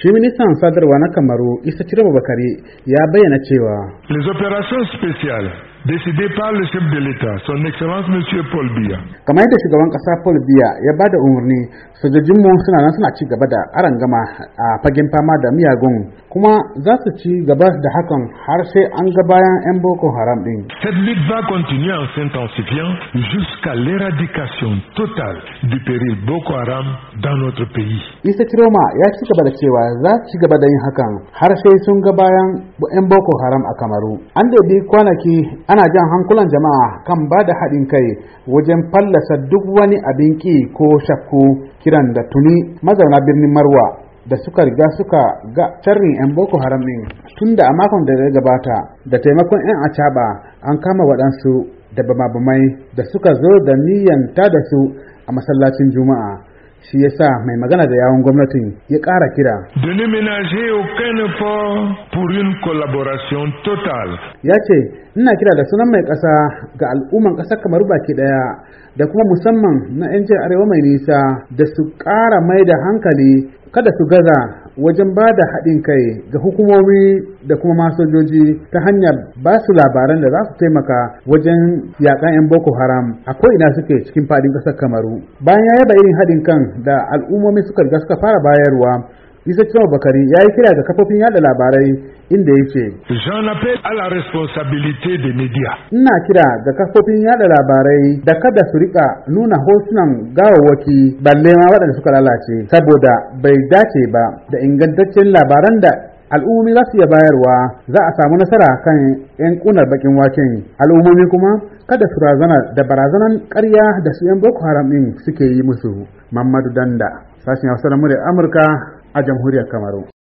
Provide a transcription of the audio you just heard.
shi ministan sadarwa na kamaru isa cire bakari ya bayyana cewa les opérations spéciales décidé par le chef de l'État, son Excellence Monsieur Paul Biya. Kamar da shugaban kasa Paul Biya ya ba da umarni, sojojin mu suna nan suna ci gaba da arangama a fagen fama da miyagun kuma za su ci gaba da hakan har sai an ga bayan 'yan Boko Haram din. Cette lutte va continuer en s'intensifiant jusqu'à l'éradication totale du péril Boko Haram dans notre pays. Isa Chiroma ya ci gaba da cewa za su ci gaba da yin hakan har sai sun ga bayan 'yan Boko Haram a Kamaru. An da bi kwanaki ana jan hankulan jama'a kan ba da haɗin kai wajen fallasa duk wani abin ƙi ko shakku kiran da tuni mazauna birnin marwa da suka riga suka ga carrin 'yan boko haram ɗin tun da a makon da ya gabata da taimakon 'yan acaɓa an kama waɗansu da bama-bamai da suka zo da niyyanta da su a masallacin juma'a shi ya sa mai magana da yawon gwamnatin ya ƙara kira. Ya ce, ina kira da sunan mai ƙasa ga al'umman ƙasar kamar baki ɗaya da kuma musamman na 'yan arewa mai nisa da su ƙara mai da hankali kada su gaza wajen ba da haɗin kai ga hukumomi da kuma masojoji ta hanyar ba su labaran da za su taimaka wajen yaƙan 'yan boko haram a ko'ina suke cikin faɗin ƙasar kamaru bayan ya yaba irin haɗin kan da al'ummomi suka riga suka fara bayarwa Isa Cewa Bakari ya yi kira ga kafofin yada labarai inda ya ce, Jean appelle à la responsabilité des médias. Ina kira ga kafofin yada labarai da kada su rika nuna hotunan gawawwaki balle ma waɗanda suka lalace saboda bai dace ba da ingantaccen labaran da al'ummomi za su iya bayarwa za a samu nasara kan 'yan kunar bakin waken al'ummomi kuma kada su razana da barazanan ƙarya da su 'yan boko haram ɗin suke yi musu mamadu danda sashen hausa da amurka a jamhuriyar kamaru